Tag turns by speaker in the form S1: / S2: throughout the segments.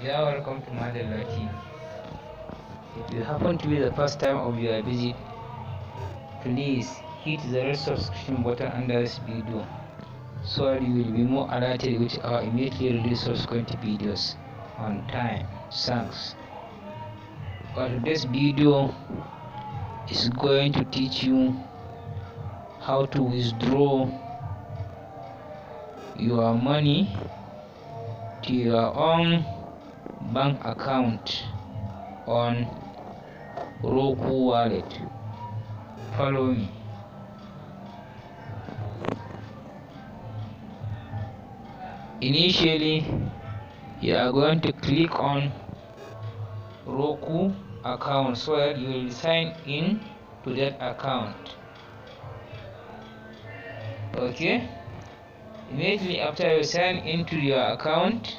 S1: Yeah, welcome to Madalla TV. If you happen to be the first time of your visit, please hit the red subscription button under this video so that you will be more alerted with our immediately released subsequent videos on time. Thanks. But today's video is going to teach you how to withdraw your money to your own bank account on Roku wallet. Follow me. Initially, you are going to click on Roku account so that you will sign in to that account. Okay? Immediately after you sign into your account,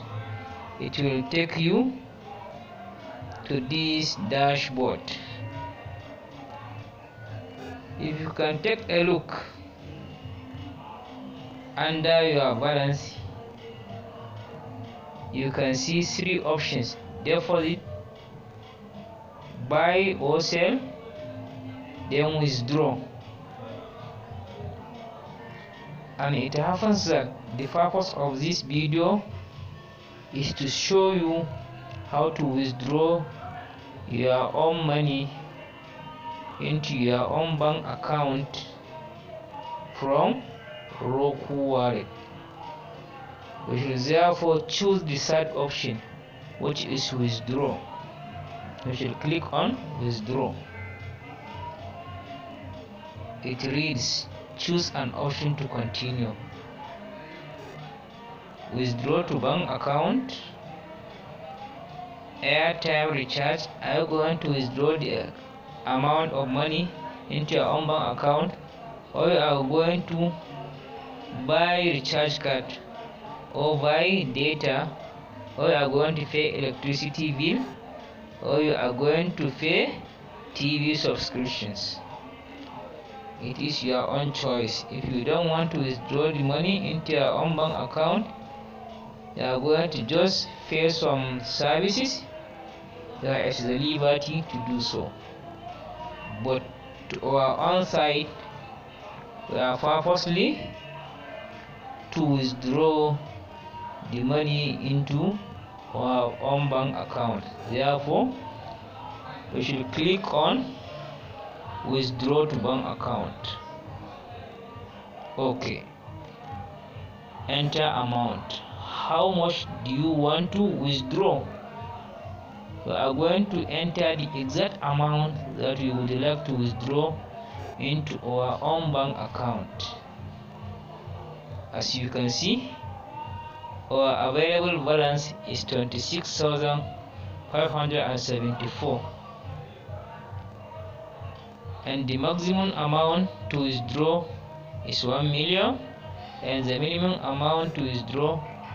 S1: it will take you to this dashboard if you can take a look under your balance you can see three options deposit buy or sell then withdraw and it happens that the purpose of this video is to show you how to withdraw your own money into your own bank account from Roku wallet we should therefore choose the third option which is withdraw we should click on withdraw it reads choose an option to continue withdraw to bank account airtime recharge are you going to withdraw the amount of money into your own bank account or are you going to buy recharge card or buy data or you are going to pay electricity bill or you are going to pay TV subscriptions it is your own choice if you don't want to withdraw the money into your own bank account you are going to just pay some services there is the liberty to do so but to our own side we are purposely to withdraw the money into our own bank account therefore we should click on withdraw to bank account okay enter amount how much do you want to withdraw we are going to enter the exact amount that you would like to withdraw into our own bank account as you can see our available balance is 26,574 and the maximum amount to withdraw is 1 million and the minimum amount to withdraw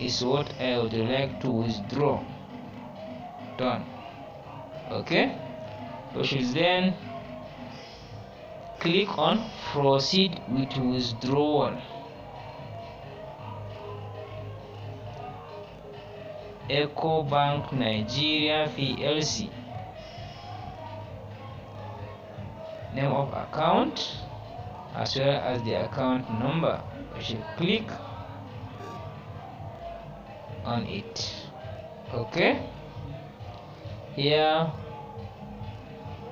S1: is what I would like to withdraw done okay we should then click on proceed with withdrawal Eco Bank Nigeria PLC name of account as well as the account number we should click on it okay here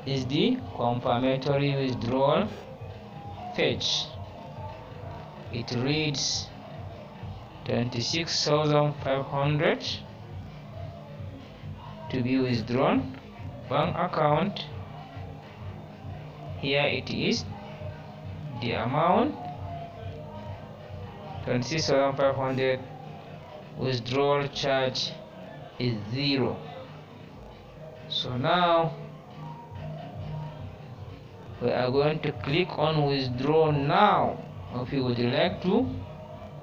S1: is the confirmatory withdrawal fetch. it reads 26,500 to be withdrawn bank account here it is the amount 26,500 withdrawal charge is zero so now we are going to click on withdraw now if you would like to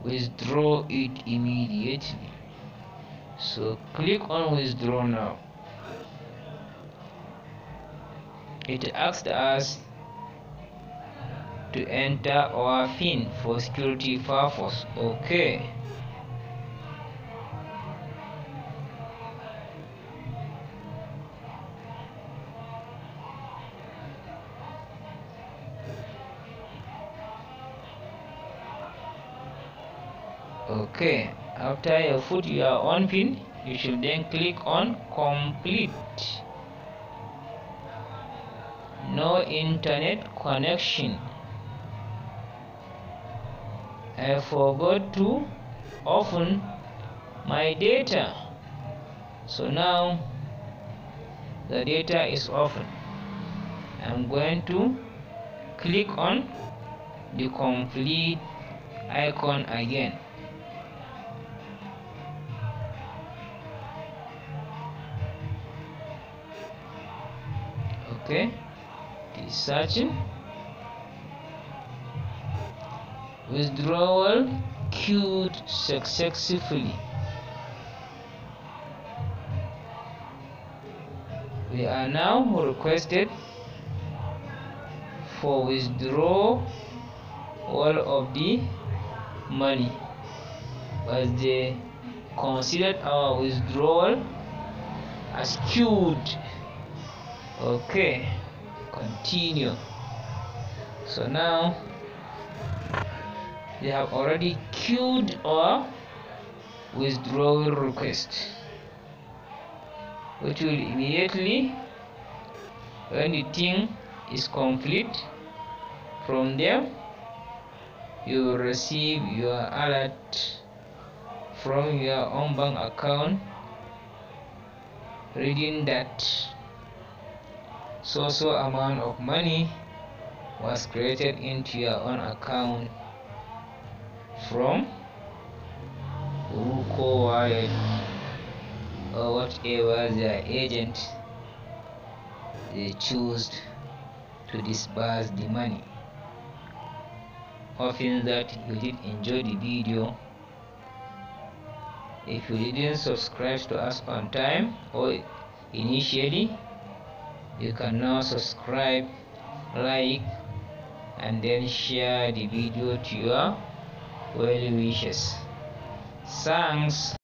S1: withdraw it immediately so click on withdraw now it asks us to enter our pin for security purpose okay okay after you put your own pin you should then click on complete no internet connection I forgot to open my data so now the data is open I'm going to click on the complete icon again okay Searching. withdrawal queued successfully we are now requested for withdraw all of the money but they considered our withdrawal as queued okay continue so now they have already queued or withdrawal request which will immediately when the thing is complete from there, you will receive your alert from your own bank account reading that so so amount of money was created into your own account from Ruko Wallet or whatever their agent they choose to disburse the money hoping that you did enjoy the video if you didn't subscribe to us on time or initially you can now subscribe like and then share the video to your well wishes thanks